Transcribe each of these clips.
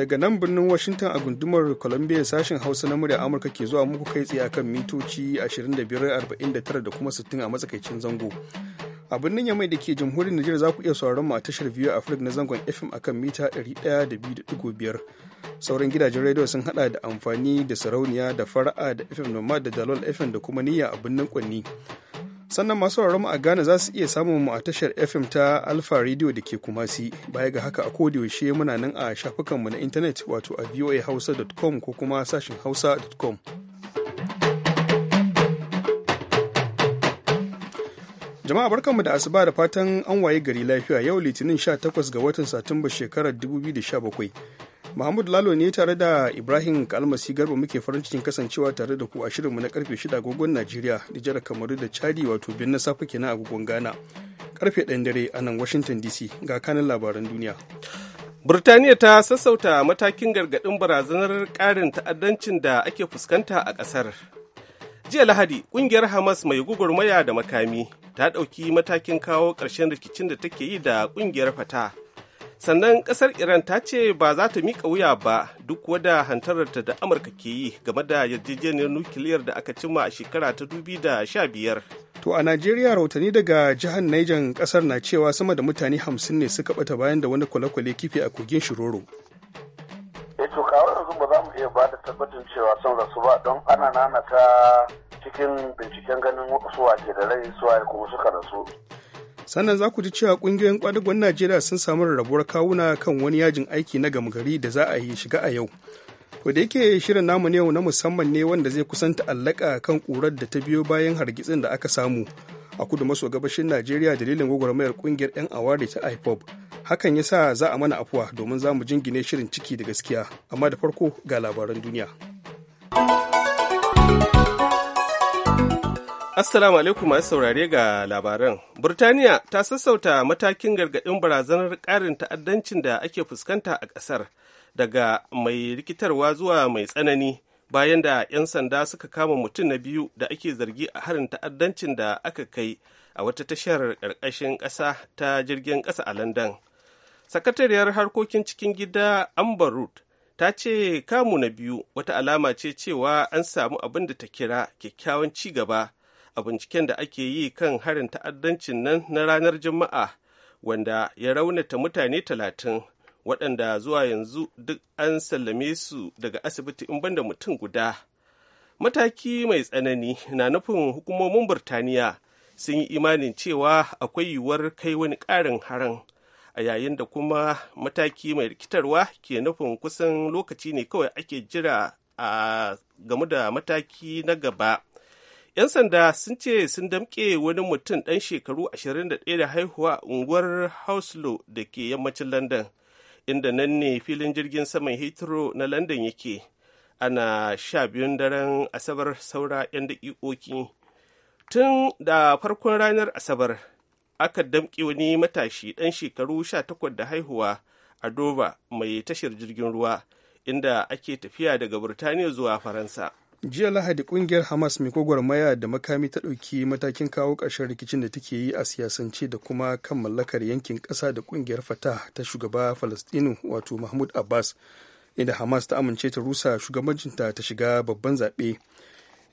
daga nan birnin Washington a gundumar Columbia sashen Hausa na murya Amurka ke zuwa muku kai tsaye akan mitoci 2549 da kuma 60 a matsakaicin zango. A birnin Yamai da ke jamhuriyar Nijar za ku iya sauraron mu a tashar biyu a na zangon FM akan mita 102.5. Sauran gidajen rediyo sun hada da amfani da sarauniya da fara'a da FM Nomad da Dalol FM da kuma niyya a birnin Kwanni. sannan masu mu a Ghana za su iya samun mu a tashar FM ta Alpha Radio da ke Kumasi. Baya ga haka a yaushe muna nan a shafukanmu na intanet wato a voahausa.com ko kuma sashin hausa.com. Jama'a barkanmu da asuba da fatan an waye gari lafiya yau Litinin 18 ga watan Satumba shekarar 2017. Mahmud Lalo ne tare da Ibrahim Kalmasi Garba muke farin cikin kasancewa tare da ku a shirinmu na karfe 6 agogon Najeriya, Nijar Kamaru da Chadi wato bin na safe kenan agogon Ghana. Karfe ɗan dare a nan Washington DC ga kanin labaran duniya. Burtaniya ta sassauta matakin gargaɗin barazanar ƙarin ta'addancin da ake fuskanta a ƙasar. Jiya Lahadi, ƙungiyar Hamas mai gugurmaya da makami ta ɗauki matakin kawo ƙarshen rikicin da take yi da ƙungiyar fata sannan ƙasar iran ta ce ba za ta miƙa wuya ba duk wada hantararta da amurka ke yi game da yarjejeniyar nukiliyar da aka cimma a shekara ta dubi da sha biyar. to a najeriya rautani daga jihar niger ƙasar na cewa sama da mutane hamsin ne suka bata bayan da wani kwale-kwale kife a kogin shiroro to kawo yanzu ba za mu iya ba da tabbatin cewa sun rasu ba don ana nana ta cikin binciken ganin wasu wake da rai suwa kuma suka rasu. sannan za ku ji cewa kungiyoyin kwadagon najeriya sun samu rarrabuwar kawuna kan wani yajin aiki na gari da za a yi shiga a yau to da yake shirin namu ne na musamman ne wanda zai kusan ta'allaka kan ƙurar da ta biyo bayan hargitsin da aka samu a kudu maso gabashin najeriya dalilin gwagwarmayar kungiyar 'yan aware ta ipob hakan ya sa za a mana afuwa domin za mu jingine shirin ciki da gaskiya amma da farko ga labaran duniya assalamu alaikum masu saurare ga labaran burtaniya ta sassauta matakin gargaɗin barazanar ƙarin ta'addancin da ake fuskanta a ƙasar daga mai rikitarwa zuwa mai tsanani bayan da 'yan sanda suka kama mutum na biyu da ake zargi a harin ta'addancin da aka kai a wata tashar ƙarƙashin ƙasa ta jirgin ƙasa a london sakatariyar harkokin cikin gida amber root ta ce kamu na biyu wata alama ce cewa an samu abin da ta kira kyakkyawan ci gaba a binciken da ake yi kan harin ta'addancin nan na ranar juma'a wanda ya raunata mutane talatin waɗanda zuwa yanzu duk an sallame su daga asibiti in banda mutum guda mataki mai tsanani na nufin hukumomin burtaniya sun yi imanin cewa akwai yiwuwar kai wani ƙarin harin. a yayin da kuma mataki mai rikitarwa ke nufin kusan lokaci ne kawai ake jira a game da mataki na gaba 'yan sanda sun ce sun damƙe wani mutum ɗan shekaru 21 da haihuwa a unguwar hauslo da ke yammacin london inda nan ne filin jirgin saman hitro na london yake ana sha biyun daren asabar saura 'yan da'i'oki. tun da farkon ranar asabar aka damƙe wani matashi ɗan shekaru 18 da haihuwa a Dover mai tashar jirgin ruwa inda ake tafiya daga Burtaniya zuwa Faransa. Jiya Lahadi kungiyar Hamas mai gwagwarmaya da makami ta ɗauki matakin kawo ƙarshen rikicin da take yi a siyasance da kuma kan mallakar yankin ƙasa da kungiyar fata ta shugaba Falastinu wato Mahmud Abbas inda Hamas ta amince ta rusa shugabancinta ta shiga babban zaɓe.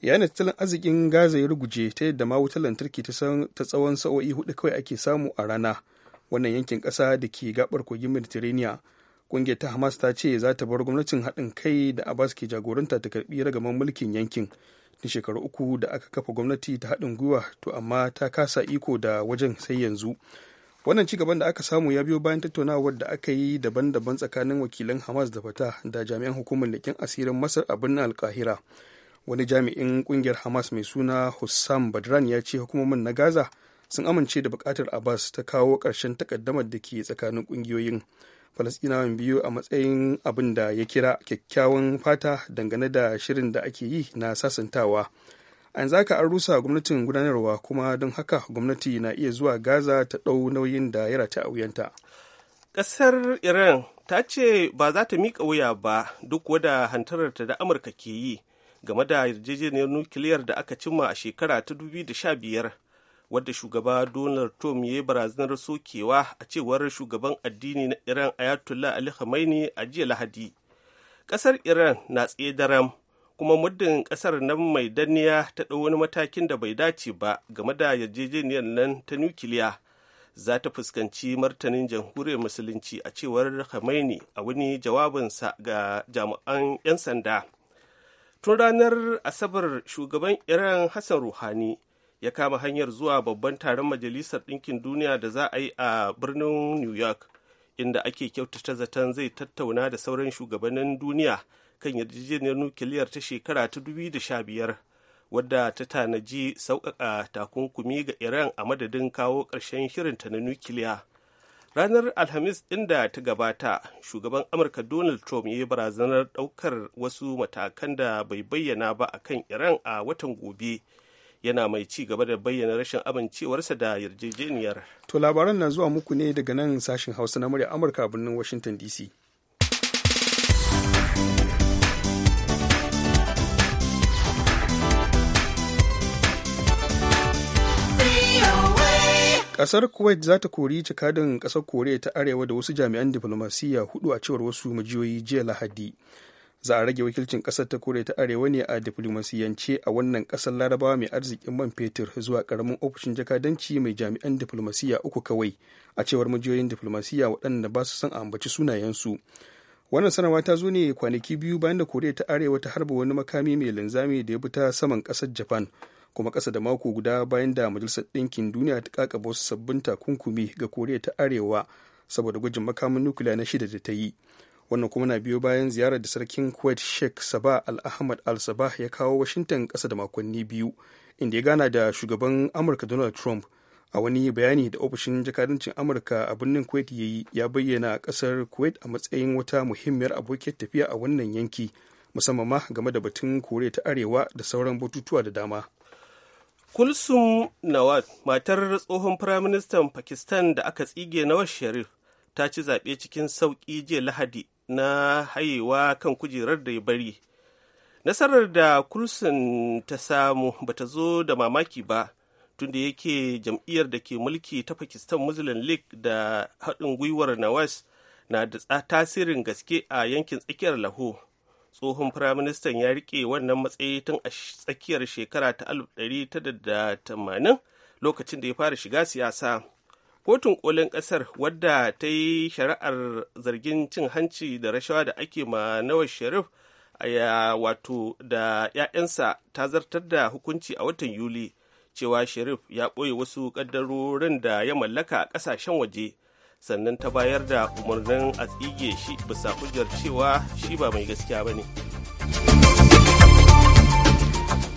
yayin da tattalin arzikin gaza ya ruguje ta yadda ma wutar lantarki ta tsawon sa'o'i hudu kawai ake samu a rana wannan yankin ƙasa da ke gabar kogin mediterranean kungiyar ta hamas ta ce za ta bar gwamnatin haɗin kai da abbas ke jagoranta ta karbi ragaman mulkin yankin da shekaru uku da aka kafa gwamnati ta haɗin gwiwa to amma ta kasa iko da wajen sai yanzu wannan ci gaban da aka samu ya biyo bayan tattaunawar da aka yi daban-daban tsakanin wakilan hamas da fata da jami'an hukumar leƙen asirin masar a birnin alkahira wani jami'in kungiyar hamas mai suna hussam badran ya ce hukumomin na gaza sun amince da bukatar abbas ta kawo ƙarshen takaddamar da ke tsakanin ƙungiyoyin. falasɗinawan biyu a matsayin abin da ya kira kyakkyawan fata dangane da shirin da ake yi na sasantawa an zaka an rusa gwamnatin gudanarwa kuma don haka gwamnati na iya zuwa gaza ta ɗau nauyin da ya rata a wuyanta ƙasar iran ta ce ba za ta miƙa wuya ba duk wada hantararta da amurka ke yi game da yarjejeniyar nukiliyar da aka cimma a shekara ta 2015 wadda shugaba donald trump ya yi barazanar sokewa a cewar shugaban addini na iran ayatollah ali khamenei a jiya lahadi kasar iran na tsaye daram kuma muddin kasar nan mai danniya ta ɗau wani matakin da bai dace ba game da yarjejeniyar nan ta nukiliya za ta fuskanci martanin jamhuriyar musulunci a cewar khamenei a wani jawabinsa ga jami'an 'yan sanda tun ranar asabar shugaban iran hassan ruhani ya kama hanyar zuwa babban taron majalisar ɗinkin duniya da za a yi a birnin new york inda ake kyautata zaton zai tattauna da sauran shugabannin duniya kan yarjejeniyar nukiliyar ta shekara ta da sha biyar, wadda ta tanaji sauƙaƙa takunkumi ga iran a madadin kawo ƙarshen shirinta na nukiliya ranar alhamis ɗin da ta gabata shugaban amurka donald trump ya yi barazanar ɗaukar wasu matakan da bai bayyana ba a kan iran a watan gobe yana mai ci gaba da bayyana rashin amincewarsa da yarjejeniyar to labaran na zuwa muku ne daga nan sashen hausa na murya amurka birnin washington dc kasar kuwait za ta kori cikadin kasar koriya ta arewa da wasu jami'an diflomasiyya hudu a cewar wasu majiyoyi jiya lahadi za a rage wakilcin kasar ta koriya ta arewa ne a diplomasiyance a wannan kasar larabawa mai arzikin man fetur zuwa karamin ofishin jakadanci mai jami'an diflomasiya uku kawai a cewar majiyoyin diflomasiya waɗanda ba su son a ambaci sunayensu wannan sanarwa ta zo ne kwanaki biyu bayan da koriya ta arewa ta harba wani makami mai linzami da ya bi ta saman kasar japan kuma ƙasa da mako guda bayan da majalisar ɗinkin duniya ta kakaba wasu sabbin takunkumi ga koriya ta arewa saboda gwajin makamin nukiliya na shida da ta yi wannan kuma na biyo bayan ziyarar da sarkin kuwait sheikh saba al-ahmad al-sabah ya kawo washington ƙasa da makonni biyu inda ya gana da shugaban amurka donald trump a wani bayani da ofishin jakadancin amurka a birnin kuwait ya yi ya bayyana ƙasar kuwait a matsayin wata muhimmiyar abokiyar tafiya a wannan yanki musamman ma game da batun koriya ta arewa da sauran batutuwa da dama kulsum nawad matar tsohon firaministan pakistan da aka tsige nawaz sharif ta ci zaɓe cikin sauƙi jiya lahadi na hayewa kan kujerar da ya bari nasarar da kulsun ta samu bata zo da mamaki ba tunda yake jam'iyyar da ke mulki ta pakistan muslim league da haɗin gwiwar nawaz na da tasirin gaske a yankin tsakiyar laho tsohon firaministan ya rike wannan matsayi tun a tsakiyar shekara ta 1980 lokacin da ya fara shiga siyasa kotun kolin kasar wadda ta yi shari'ar zargin cin hanci da rashawa da ake ma nawar sharif a wato da 'ya'yansa ta zartar da hukunci a watan yuli cewa sharif ya ɓoye wasu ƙaddarorin da ya mallaka a ƙasashen waje sannan ta bayar da umarnin a tsige shi bisa hujjar cewa shi ba mai gaskiya ba ne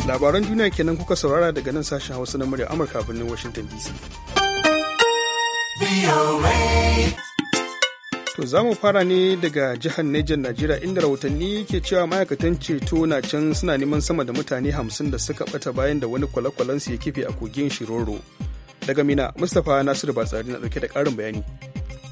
labaran duniya kenan kuka saurara daga nan sashen hausa na murya amurka birnin washington dc To za mu fara ne daga jihar Niger Najeriya inda rahotanni ke cewa ma'aikatan ceto na can suna neman sama da mutane hamsin da suka bata bayan da wani kwale-kwalensu ya kife a kogin Shiroro. Daga Mina, Mustapha Nasiru Batsari na dauke da karin bayani.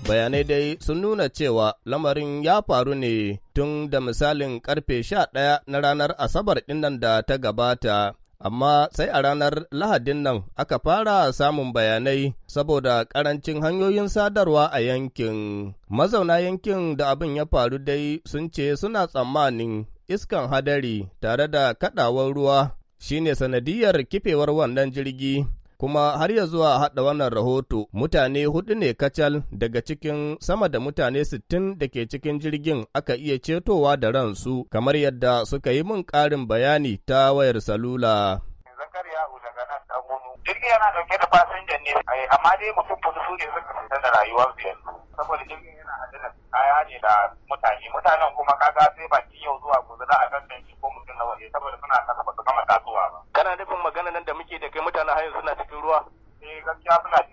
Bayanai dai sun nuna cewa lamarin ya faru ne tun da misalin karfe sha ɗaya na ranar Asabar dinnan da ta gabata. Amma sai a ranar Lahadin nan aka fara samun bayanai saboda ƙarancin hanyoyin sadarwa a yankin. Mazauna yankin da abin ya faru dai sun ce suna tsammanin iskan hadari tare da kaɗawar ruwa shine sanadiyar kifewar wannan jirgi. kuma har ya zuwa haɗa wannan rahoto mutane hudu ne kacal daga cikin sama da mutane sittin da ke cikin jirgin aka iya cetowa da ransu kamar yadda suka yi min ƙarin bayani ta wayar salula. jirgin yana dauke da fasinjan ne amma dai mutum ne suka fita da rayuwarsu yanzu saboda jirgin yana ne da mutane mutanen kuma kaga sai ba yau zuwa gobe za a tantance ko mutum na waje saboda suna kasa governor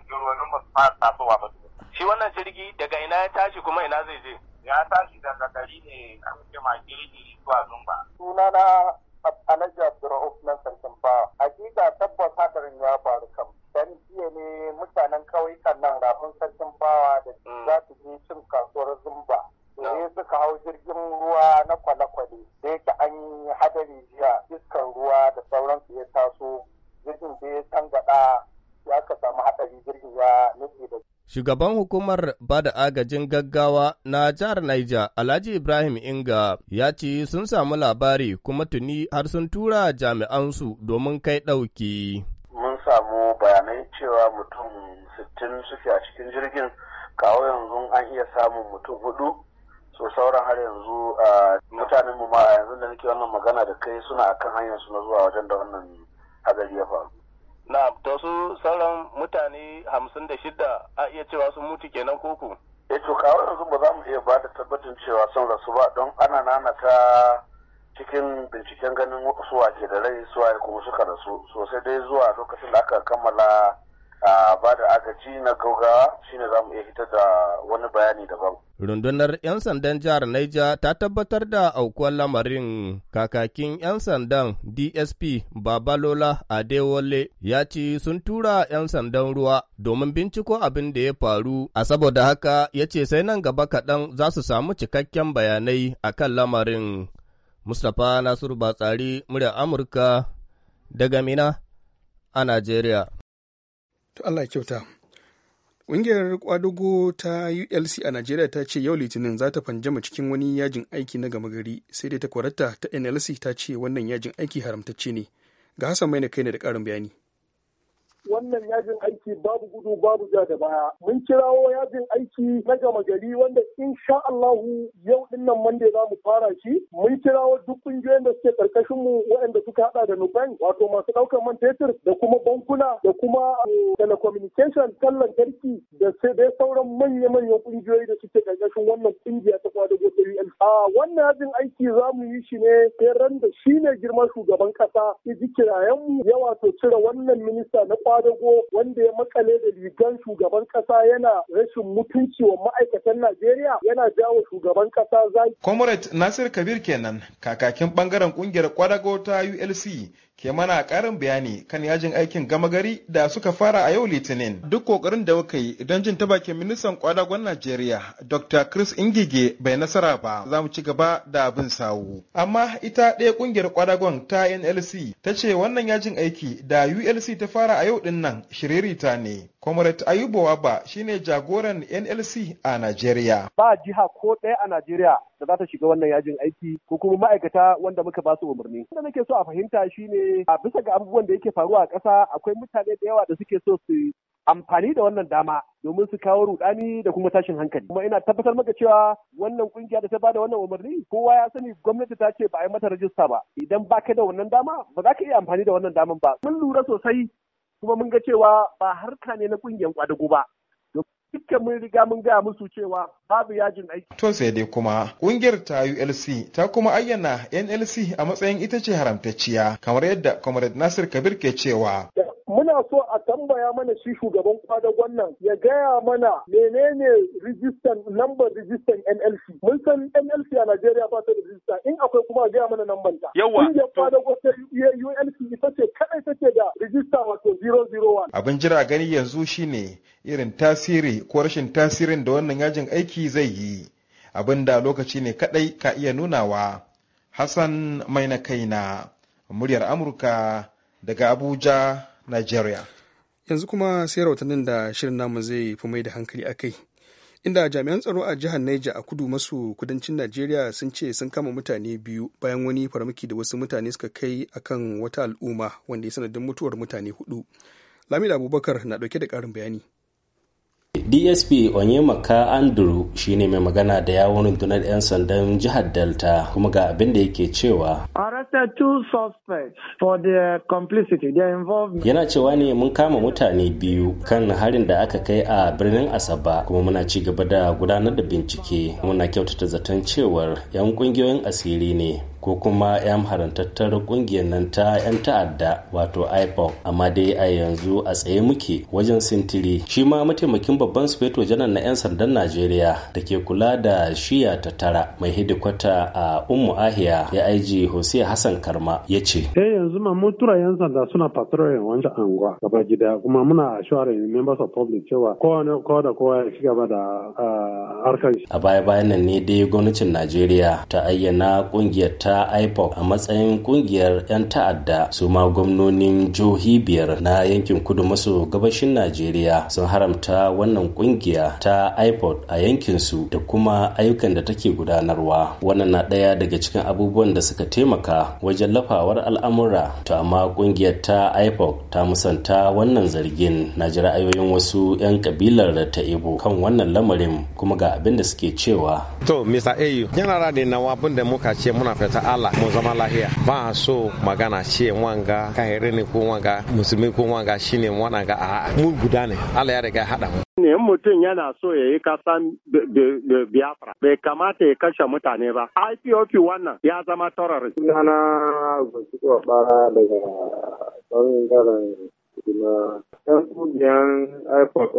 Shugaban hukumar ba da agajin gaggawa na jihar Niger, Alhaji Ibrahim Inga, ya ce sun samu labari kuma tuni har sun tura jami'ansu domin kai ɗauki. Mun samu bayanai cewa mutum sittin suke a cikin jirgin, kawo yanzu an iya samun mutum hudu. So sauran har yanzu a mutanenmu ma yanzu da nake wannan magana da kai suna akan hanyar suna na zuwa wajen da wannan hadari ya faru. na ta su sauran mutane hamsin da shida a iya cewa sun mutu kenan koko e eh, to kawo yanzu ba za mu iya ba da tabbatin cewa sun rasu ba don ana nana ta cikin binciken ganin suwa ke da rai suwa kuma suka rasu sosai dai zuwa lokacin da aka kammala a ba da agaji na gaugawa shine za mu iya hitar da wani bayani daban. Rundunar 'yan sandan jihar Naija ta tabbatar da aukuwar lamarin kakakin 'yan sandan DSP Babalola Adewole ya ce sun tura 'yan sandan ruwa domin binciko abin da ya faru, a saboda haka ya ce sai nan gaba kaɗan za su samu cikakken bayanai a kan lamarin. Mustapha Nasiru Batsari, murya Amurka, daga Mina a Najeriya. to allah ya kyauta ƙungiyar kwadugo ta ulc a najeriya ta ce yau litinin za ta fanjama cikin wani yajin aiki na gama gari sai dai ta kwararta ta nlc ta ce wannan yajin aiki haramtacce ne ga hassan Maina na kai ne da ƙarin bayani wannan yajin aiki babu gudu babu ja da baya mun kirawo yajin aiki na gama gari wanda insha Allahu yau din nan Monday za mu fara shi mun kirawo duk kungiyoyin da suke karkashin mu waɗanda suka hada da Nubank wato masu daukar man fetur da kuma bankuna da kuma eh, telecommunication kan lantarki da sai dai sauran manya-manyan kungiyoyi da suke karkashin wannan kungiya ta kwadago ta a wannan yajin aiki za mu yi shi ne sai ran da shine girman shugaban kasa ya ji kirayen mu ya wato cire wannan minista na kwa kwadago wanda ya makale da rigan shugaban kasa yana rashin mutunci wa ma'aikatan Najeriya yana jawo shugaban kasa zai. Comrade Nasir Kabir kenan kakakin bangaren kungiyar kwadago ta ULC ke mana karin bayani kan yajin aikin gama gari da suka fara a yau litinin. Duk kokarin da muka yi don jin ta bakin ministan kwadagon Najeriya Dr. Chris Ingige bai nasara ba za mu ci gaba da abin sawu. Amma ita ɗaya kungiyar kwadagon ta NLC ta ce wannan yajin aiki da ULC ta fara a yau din nan shiririta ne. Comrade Ayuba Waba shine jagoran NLC a Najeriya. Ba jiha ko ɗaya a Najeriya da za ta shiga wannan yajin aiki ko kuma ma'aikata wanda muka ba su umarni. Wanda nake so a fahimta shine a bisa ga abubuwan da yake faruwa a ƙasa akwai mutane da yawa da suke so su amfani da wannan dama domin su kawo rudani da kuma tashin hankali kuma ina tabbatar maka cewa wannan kungiya da ta bada wannan umarni kowa ya sani gwamnati ta ce ba a yi mata rajista ba idan ba ka da wannan dama ba za ka iya amfani da wannan daman ba mun lura sosai kuma mun ga cewa ba harka ne na ƙungiyar kwadago ba dukkan mun riga mun gaya musu cewa babu yajin aiki. To sai dai kuma kungiyar ta ULC ta kuma ayyana NLC a matsayin ita ce haramtacciya kamar yadda Comrade Nasir Kabir ke cewa. muna so a tambaya mana shi shugaban kwadagon nan ya gaya mana menene rijistan lambar rijistan NLC. Mun san NLC a Najeriya ba ta da rijista in akwai kuma a gaya mana lambar ta. Yawa. Inda kwadagon ta UNC ita ce kadai take da rijista wato 001. Abin jira gani yanzu shine irin tasiri ko rashin tasirin da wannan yajin aiki zai yi. Abin da lokaci ne kadai ka iya nunawa. Hassan mai Maina Kaina, muryar Amurka daga Abuja, Nigeria. Yanzu kuma sai rahotannin da shirin namu zai fi mai da hankali a kai. Inda jami'an tsaro a jihar Niger a kudu maso kudancin Najeriya sun ce sun kama mutane biyu bayan wani farmaki da wasu mutane suka kai akan wata al'umma wanda ya sanadin mutuwar mutane hudu. Lamida Abubakar na dauke da karin bayani. dsp onyemaka andrew shine mai magana da yawon rundunar 'yan sandan jihar delta kuma ga abin da yake cewa yana cewa ne mun kama mutane biyu kan harin da aka kai a birnin asaba kuma muna ci gaba da gudanar da bincike muna kyautata zaton cewar 'yan kungiyoyin asiri ne ko kuma 'yan harantattar ƙungiyar nan ta 'yan ta'adda wato ipoc amma dai a yanzu a tsaye muke wajen sintiri shi ma mataimakin babban sufeto janar na 'yan sandan najeriya da ke kula da shiya ta tara mai hidikwata a ummu ahiya ya aiji hosiya hassan karma ya ce eh yanzu ma mun 'yan sanda suna patrolin wancan anguwa gaba gida kuma muna assuring members of public cewa kowane da kowa ya ci gaba da ah, harkar a baya bayan nan ne dai gwamnatin najeriya ta ayyana kungiyar ta ipoc a matsayin kungiyar 'yan ta'adda su ma gwamnonin jihohi biyar na yankin kudu maso gabashin najeriya sun haramta wannan kungiya ta ipoc a yankin su da kuma ayyukan da take gudanarwa wannan na ɗaya daga cikin abubuwan da suka taimaka wajen lafawar al'amura to amma kungiyar ta ipoc ta musanta wannan zargin na ji ra'ayoyin wasu 'yan kabilar da ta ibo kan wannan lamarin kuma ga abin da suke cewa to mr au yana da nawa abin da muka ce muna fata Ala mu zama lahiya magana ce nwanga kahire ne ko wanga musulmi ko shine wanga a'a mu guda ne Ala ya riga hada mu ne so ya yi biafra bai kamata ya kashe mutane ba ipop wannan ya zama bara daga ipop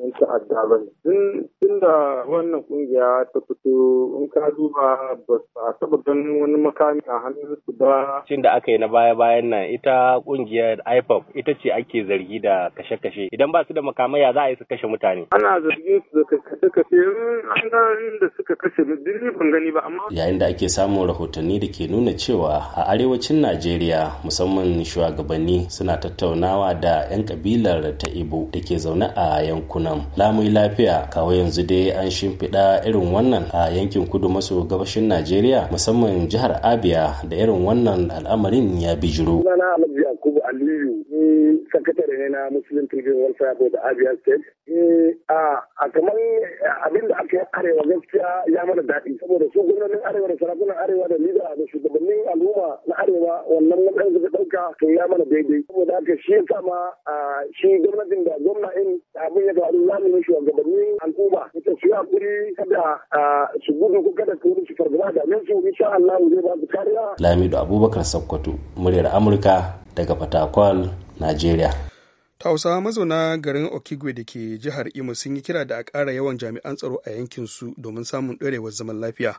'yan ta'adda ba ne. Tun da wannan kungiya ta fito in ka duba ba a taɓa ganin wani makami a hannun ba. Cin da aka yi na baya-bayan nan ita kungiyar IPOP ita ce ake zargi da kashe-kashe. Idan ba su da makamai ya za a yi su kashe mutane. Ana zargin su da kashe-kashe an ga da suka kashe duk ban gani ba amma. Yayin da ake samun rahotanni da ke nuna cewa a arewacin Najeriya musamman shugabanni suna tattaunawa da 'yan kabilar ta Ibo da ke zaune a yankunan. yankunan lamun lafiya kawo yanzu dai an shimfiɗa irin wannan a yankin kudu maso gabashin najeriya musamman jihar abia da irin wannan al'amarin ya bijiro Yakubu Aliyu, ni sakatare ne na Muslim Tribune Welfare Board Abia State. Eh, a kamar eh, abin da aka arewa gaskiya ya mana daɗi saboda su gwamnonin arewa da sarakunan arewa da lida da shugabannin al'umma na arewa wannan wannan suka ɗauka to ya mana daidai saboda haka shi yasa ma shi gwamnatin da gwamna in abin ya faru za mu yi shugabannin al'umma ita su yi hakuri kada su gudu ko kada su gudu su fargaba da min su insha Allah zai ba su kariya. Lamido Abubakar Sokoto muryar Amurka daga Fatakwal, Najeriya. hausa mazauna garin Okigwe da ke jihar Imo sun yi kira da a kara yawan jami'an tsaro a yankin su domin samun ɗorewar zaman lafiya,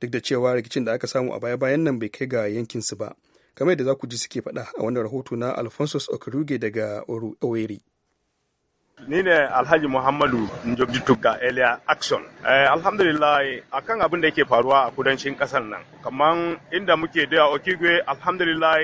duk da cewa rikicin da aka samu a baya-bayan nan bai kai ga yankinsu ba. Kamar da za ku ji suke faɗa a wannan rahoto na Alphonsus Okuruge daga Oweri. ni ne alhaji muhammadu njogi tugga elia action eh, alhamdulillah akan abin da yake faruwa a kudancin kasar nan kamar inda muke da okigwe alhamdulillah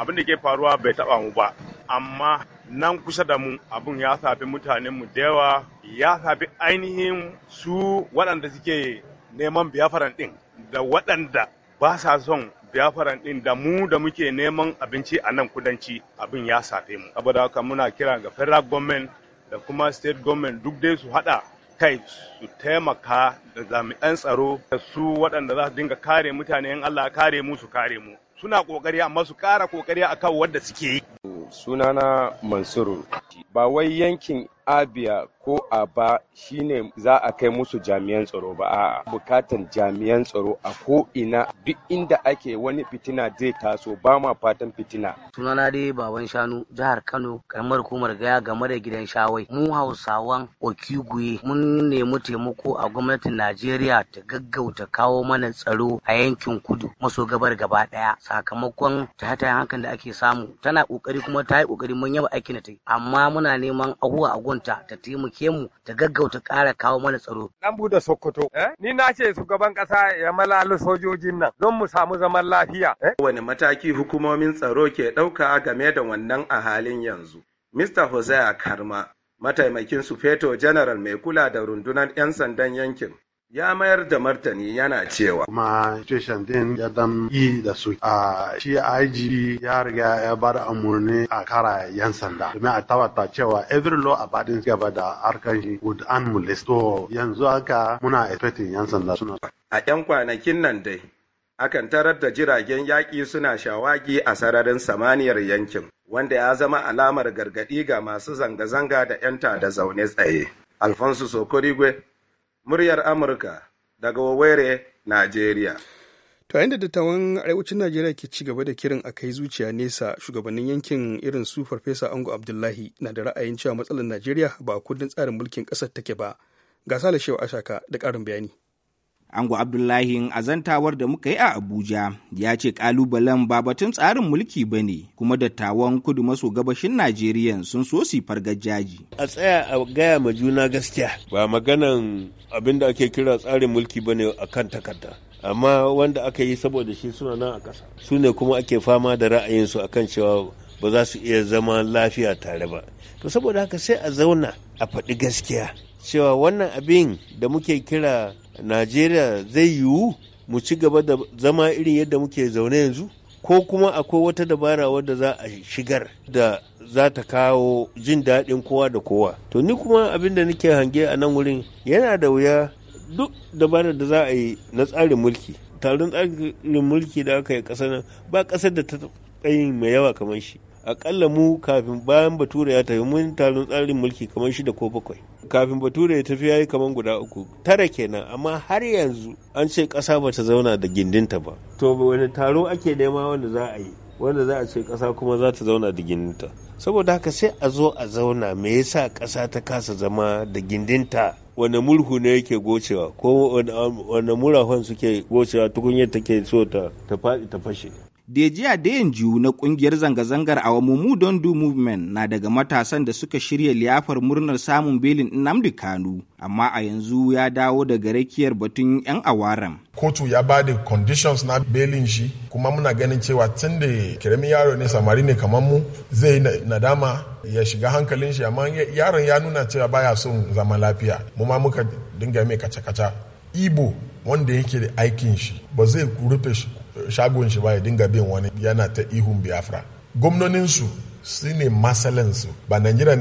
abin da ke faruwa bai taba mu ba amma nan kusa da mu abun ya safi mutanen da yawa ya safi ainihin su waɗanda suke neman biyafaran ɗin da waɗanda ba sa son biyafaran ɗin da mu da muke neman abinci a nan kudanci abin ya safe mu saboda haka muna kira ga federal government da kuma state government duk dai su haɗa kai su taimaka da jami'an tsaro da su waɗanda za su dinga kare mutane in Allah kare mu su kare mu suna kokari amma su kara kokari akan wanda suke yi sunana Mansur. Ba wai yankin Abiya ko a Aba shine za a kai musu jami'an tsaro ba a'a bukatan jami'an tsaro a ko ina duk inda ake wani fitina zai taso ba ma fatan fitina sunana dai baban shanu jihar Kano karamar hukumar gaya game da gidan shawai mu Hausawan Okiguye mun nemi taimako a gwamnatin Najeriya ta gaggauta kawo mana tsaro a yankin kudu maso gabar gaba daya sakamakon hata hankali da ake samu tana kokari kuma ta yi kokari mun yaba aikin ta amma muna neman abuwa a hukunta ta taimake mu ta gaggauta ƙara kawo mana tsaro. Dan bude Sokoto, eh? ni na ce shugaban ƙasa ya malalu sojojin nan don mu samu zaman lafiya. Eh? Wani mataki hukumomin tsaro ke ɗauka game da wannan a halin yanzu? Mr. Hosea Karma, mataimakin Sufeto General mai kula da rundunar 'yan sandan yankin, ya mayar da martani yana cewa kuma tushen din ya dan yi da su a shi IGP ya riga ya ba da amurni a kara yan sanda kuma a tabbata cewa every law abiding gaba da harkar shi would unmolest to yanzu haka muna expecting yan sanda suna a yan kwanakin nan dai akan tarar da jiragen yaƙi suna shawagi a sararin samaniyar yankin wanda ya zama alamar gargaɗi ga masu zanga-zanga da 'yan da zaune tsaye alfonso sokorigwe muryar Amurka daga waware Najeriya. To yayin da dattawan arewacin Najeriya ke ci gaba da kirin a kai zuciya nesa shugabannin yankin irin su Farfesa Ango Abdullahi na da ra'ayin cewa matsalar Najeriya ba kundin tsarin mulkin ƙasar take ba. Ga Sale Shehu Ashaka da ƙarin bayani. Ango Abdullahi azantawar da muka yi a Abuja ya ce ƙalubalen ba batun tsarin mulki ba ne kuma dattawan kudu maso gabashin Najeriya sun so su fargajaji. A tsaya a gaya ma juna gaskiya ba maganan abin da ake kira tsarin mulki ba ne a kan takarda. Amma wanda aka yi saboda shi suna nan a ƙasa su ne kuma ake fama da ra'ayinsu a kan cewa ba za su iya zama lafiya tare ba. To saboda haka sai a zauna a faɗi gaskiya cewa wannan abin da muke kira najeriya zai yiwu mu ci gaba da zama irin yadda muke zaune yanzu ko kuma akwai wata dabara wadda za a shigar da za ta kawo jin daɗin kowa da kowa to ni kuma abin da nake hange a nan wurin yana da wuya duk dabarar da za a yi na tsarin mulki taron tsarin mulki da aka yi ƙasa nan ba ƙasar da ta yin mai yawa kamar shi akalla mu kafin bayan bature ya tafi mun taron tsarin mulki kamar shida ko bakwai kafin bature ya tafi yayi kamar guda uku tara kenan amma har yanzu an ce ƙasa ba ta zauna da gindinta ba to wani taro ake nema wanda za a yi wanda za a ce ƙasa kuma za ta zauna da gindinta saboda haka sai a zo a zauna me yasa ƙasa ta kasa zama da gindinta wani mulhu ne yake gocewa ko wani murahon suke gocewa tukunyar take so ta fadi ta fashe dayan jiwu na kungiyar zanga-zangar Awamumu Don Do Movement na daga matasan da suka shirya liyafar murnar samun belin Nnamdi Kanu, amma a yanzu ya dawo daga rakiyar batun 'yan awaram. Kotu ya ba da conditions na belin shi, kuma muna ganin cewa tun da karamin yaro ne samari ne kamar mu zai nadama ya shiga hankalin shi, amma yaron ya nuna cewa baya son zama lafiya, mu ma muka dinga mai kaca-kaca. Ibo wanda yake da aikin shi ba zai rufe shagon shi ba ya dinga bin wani yana ta ihun biafra gwamnoninsu su ne masalansu ba najeriya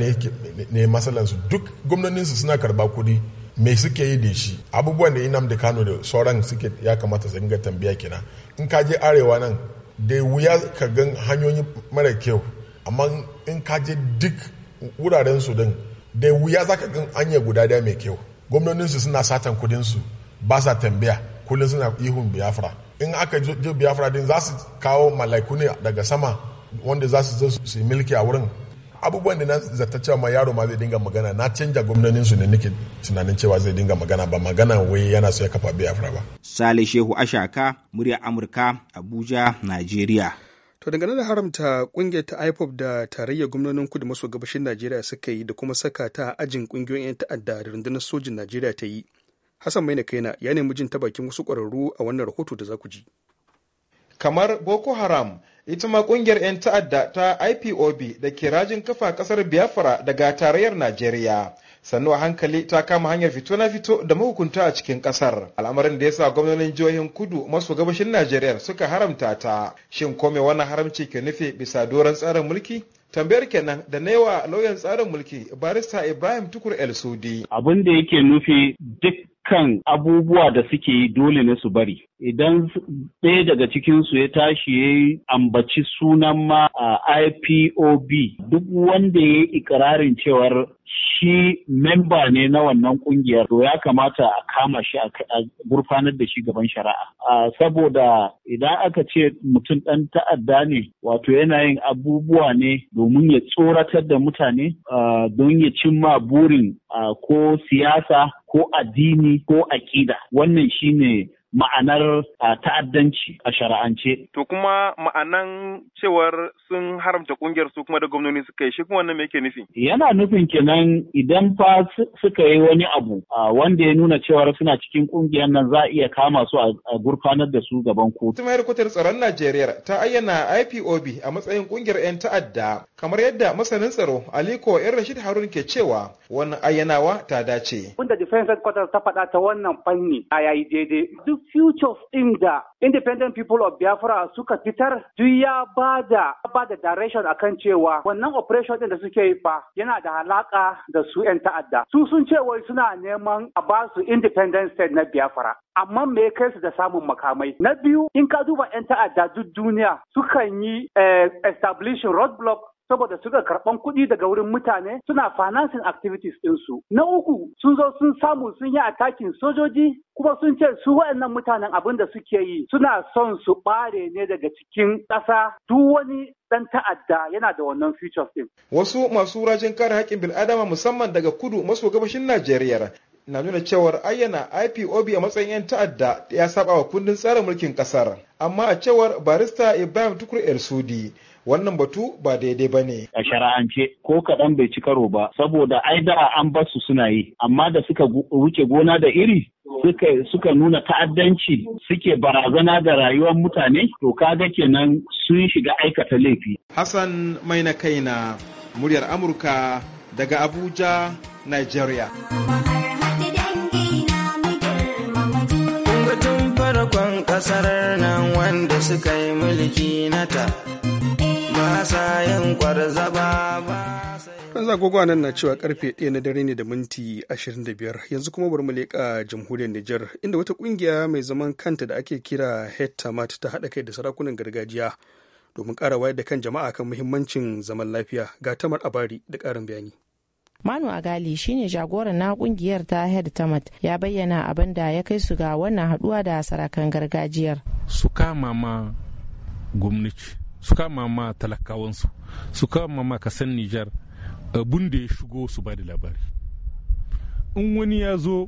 ne masalansu duk gwamnoninsu suna karba kudi mai suke yi da shi abubuwan da inam da kano da sauran suke ya kamata su dinga tambaya kenan in ka je arewa nan da wuya ka gan hanyoyi mara kyau amma in ka je duk wurarensu su din da wuya za ka gan anya guda daya mai kyau gwamnoninsu suna satan kudinsu ba sa tambaya kullum suna ihun biafra in aka je biafra din za su kawo malaiku daga sama wanda za su zo su milki a wurin abubuwan da na zata cewa ma yaro ma zai dinga magana na canja gwamnanin su ne nake tunanin cewa zai dinga magana ba magana wai yana so ya kafa biafra ba sale shehu ashaka murya amurka abuja nigeria To dangane da haramta kungiyar ta IPOP da tarayyar gwamnonin kudu maso gabashin Najeriya suka yi da kuma saka ta ajin kungiyoyin ta'adda da rundunar sojin Najeriya ta yi. Hassan Maina Kaina ya nemi jin tabakin bakin wasu ƙwararru a wannan rahoto da za ku ji. Kamar Boko Haram, ita ma ƙungiyar 'yan ta'adda ta IPOB da ke rajin kafa ƙasar Biafra daga tarayyar Najeriya. sannu a hankali ta kama hanyar fito na fito da mahukunta a cikin ƙasar, al'amarin da ya sa gwamnonin jihohin kudu maso gabashin najeriya suka haramta ta shin kome wannan haramci ke nufi bisa doron tsarin mulki tambayar kenan da na wa lauyan tsarin mulki barista ibrahim tukur el sudi abin da yake nufi duk dukkan abubuwa da suke yi dole ne su bari idan ɗaya daga cikinsu ya tashi ya ambaci sunan ma a IPOB duk wanda ya yi ikirarin cewar shi memba ne na wannan kungiyar to ya kamata a kama shi a gurfanar da shi gaban shari'a saboda idan aka ce mutum ɗan ta'adda ne wato yana yin abubuwa ne domin ya tsoratar da mutane don ya cimma burin ko siyasa ko addini ko aƙida wannan shine ma'anar ta'addanci a shari'ance. To kuma ma'anan cewar sun haramta kungiyar su kuma da gwamnoni suka yi shi kuma wannan me yake nufi? Yana nufin kenan idan fa suka yi wani abu wanda ya nuna cewar suna cikin kungiyar nan za a iya kama su a gurfanar da su gaban kotu. Tuma rikotar tsaron Najeriya ta ayyana IPOB a matsayin kungiyar 'yan ta'adda kamar yadda masanin tsaro Aliko Yan Rashid Harun ke cewa wannan ayyanawa ta dace. Kunda Defense Headquarters ta faɗa ta wannan fanni a yayi daidai. Duk wannan futures in da independent people of biafra suka fitar duk ya ba da ba da direction akan cewa wannan operation din da suke yi fa yana da halaka da su 'yan ta'adda su sun ce wai suna neman a ba su independent state na biafra amma me ya kai su da samun makamai na biyu in ka duba 'yan ta'adda duk duniya sukan yi eh, establishing roadblock saboda suka karɓan kuɗi daga wurin mutane suna financing activities ɗinsu. Na uku sun zo sun samu sun yi takin sojoji kuma sun ce su waɗannan mutanen abin da suke yi suna son su ɓare ne daga cikin ƙasa duk wani dan ta'adda yana da wannan features ɗin. Wasu masu rajin kare haƙƙin bil'adama musamman daga kudu maso gabashin Najeriya na nuna cewar ayyana IPOB a matsayin 'yan ta'adda ya saba wa kundin tsarin mulkin ƙasar. Amma a cewar barista Ibrahim Tukur El Sudi, wannan batu ba daidai ba ne. A shara'ance ko kaɗan bai ci karo ba saboda ai da an basu suna yi amma da suka wuce gona da iri suka, nuna ta'addanci suke barazana da rayuwar mutane to kaga kenan sun shiga aikata laifi. Hassan mai na kaina muryar Amurka daga Abuja, Nigeria. farkon kasar nan wanda suka yi mulki nata ba sa nan na cewa karfe 1 na dare ne da minti 25 yanzu kuma bari mu leƙa jamhuriyar Nijar inda wata kungiya mai zaman kanta da ake kira Hetamat ta hada kai da sarakunan gargajiya domin ƙara wayar da kan jama'a kan muhimmancin zaman lafiya ga tamar abari da karin bayani Manu Agali shine jagoran na kungiyar ta Head Tamat ya bayyana abin da ya kai su ga wannan haduwa da sarakan gargajiyar. Su kama ma gwamnati su kama ma talakawansu su kama ma kasan nijar abun da ya shigo su ba da labari in wani ya zo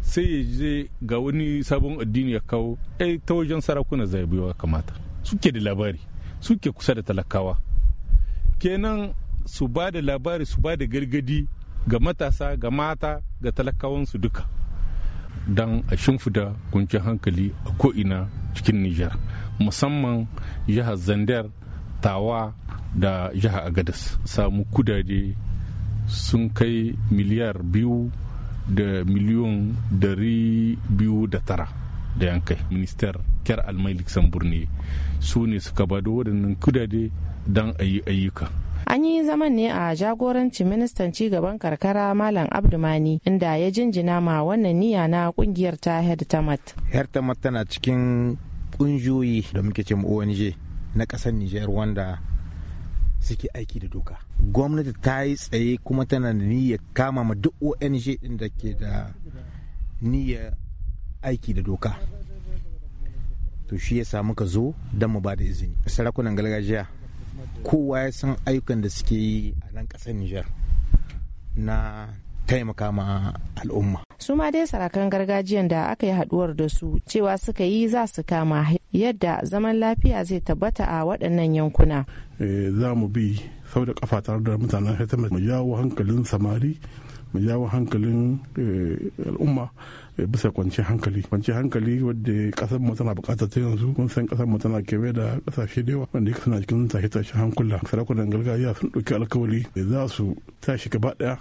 sai ya je ga wani sabon addini ya kawo ai eh, ta wajen sarakuna zabewa kamata suke da labari suke kusa da talakawa kenan su ba da labari su ba da gargadi ga matasa ga mata ga talakawansu duka don a shimfida kunci hankali a ko'ina cikin Nijar, musamman jihar Zander Tawa da jihar Agadas. Samu kudade sun kai miliyar biyu da miliyon dari biyu da tara da yankai. Minister Kyar Almai Luxembourg ne su ne suka bada waɗannan kudade don a yi ayyuka. An yi zaman ne a jagorancin ministan cigaban karkara Malam Abdumani inda ya jinjina ma wannan niyya na kungiyar ta Hertamat. Hertamat tana cikin ƙungiyoyi da muke ce ONG na kasar Nijar wanda suke aiki da doka. Gwamnati ta yi tsaye kuma tana da niyyar kama ma duk ONG din da ke da niyyar aiki da doka. To shi ya samu ka zo don mu ba da izini. Sarakunan gargajiya kowa ya san ayyukan da suke yi a nan ƙasar Nijar na taimaka ma al'umma. Su ma dai sarakan gargajiyan da aka yi haduwar da su cewa suka yi za su kama yadda zaman lafiya zai tabbata a waɗannan yankuna. Eh, za mu bi sau da kafa tare da mutanen Hetimet mu jawo hankalin samari mu jawo hankalin eh, al'umma eh, bisa kwanci hankali kwanci hankali wadda kasar mu tana bukatar ta yanzu kun san kasar mu tana kewaye da kasashe da yawa wanda suna cikin tashi tashi hankula sarakunan gargajiya sun ɗauki alkawari za su tashi gaba daya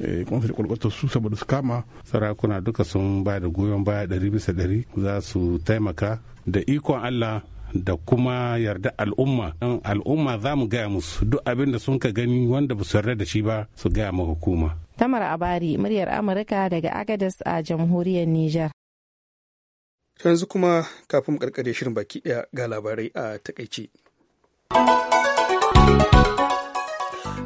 eh, kuma su kwalkwatar su saboda su kama sarakuna duka sun ba da goyon baya ɗari bisa ɗari za su taimaka da ikon allah da kuma yarda al'umma dan al'umma za mu gaya musu duk abin da sun ka gani wanda ba su yarda da shi ba su gaya ma hukuma tamar abari muryar amurka daga agadas a jamhuriyar niger yanzu kuma kafin karkare shirin baki daya ga labarai a takaice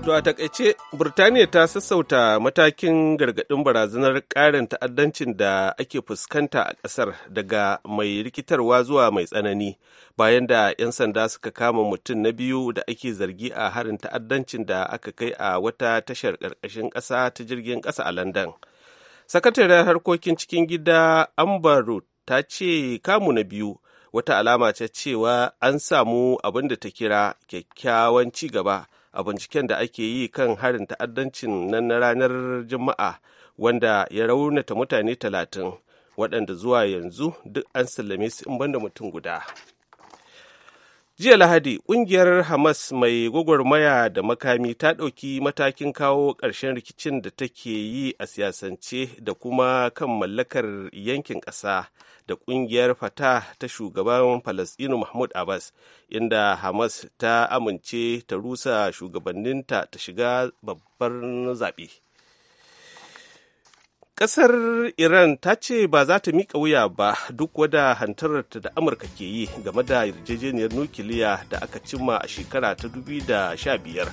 To a takaice, Burtaniya ta sassauta matakin gargaɗin barazanar ƙarin ta'addancin da ake fuskanta a ƙasar daga mai rikitarwa zuwa mai tsanani bayan da 'yan sanda suka kama mutum na biyu da ake zargi a harin ta'addancin da aka kai a wata tashar ƙarƙashin ƙasa ta jirgin ƙasa a London. sakatare harkokin cikin gida Amber ta ce kamu na biyu wata alama ce cewa an samu abin da ta kira kyakkyawan ci gaba. a binciken da ake yi kan harin ta'addancin nan na ranar juma'a wanda ya raunata mutane talatin waɗanda zuwa yanzu duk an sallame su in banda mutum guda. jiya lahadi kungiyar hamas mai gwagwarmaya da makami ta ɗauki matakin kawo ƙarshen rikicin da take yi a siyasance da kuma kan mallakar yankin ƙasa da kungiyar fata ta shugaban falasɗinu mahmud abbas inda hamas ta amince ta rusa shugabanninta ta shiga babbar zaɓe Ƙasar Iran ta ce ba za ta miƙa wuya ba duk wada hantararta da Amurka ke yi game da yarjejeniyar nukiliya da aka cimma a shekara ta 2015.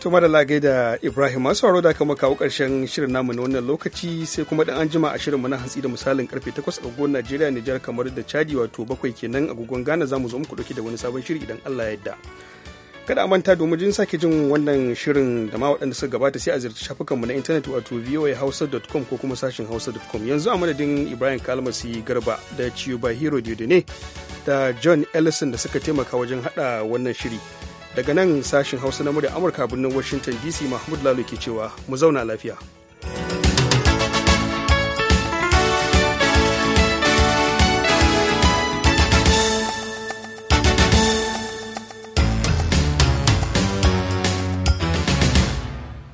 Tuma da lagai da Ibrahim masu haro da aka kawo ƙarshen shirin namu na wannan lokaci sai kuma dan an jima a shirin mana hantsi da misalin karfe 8 agogon Najeriya Nijar kamar da Chadi wato bakwai kenan agogon Ghana za mu zo muku da wani sabon shiri idan Allah ya yarda. kada a manta domin jin sake jin wannan shirin da ma waɗanda suka gabata sai a ziyarci shafukanmu na intanet wato voahausa.com ko kuma sashin hausa.com yanzu a madadin ibrahim kalmasi garba da ba hero ne da john ellison da suka taimaka wajen haɗa wannan shiri daga nan sashin hausa na murya amurka birnin washington dc mahmud lalo ke cewa mu zauna lafiya.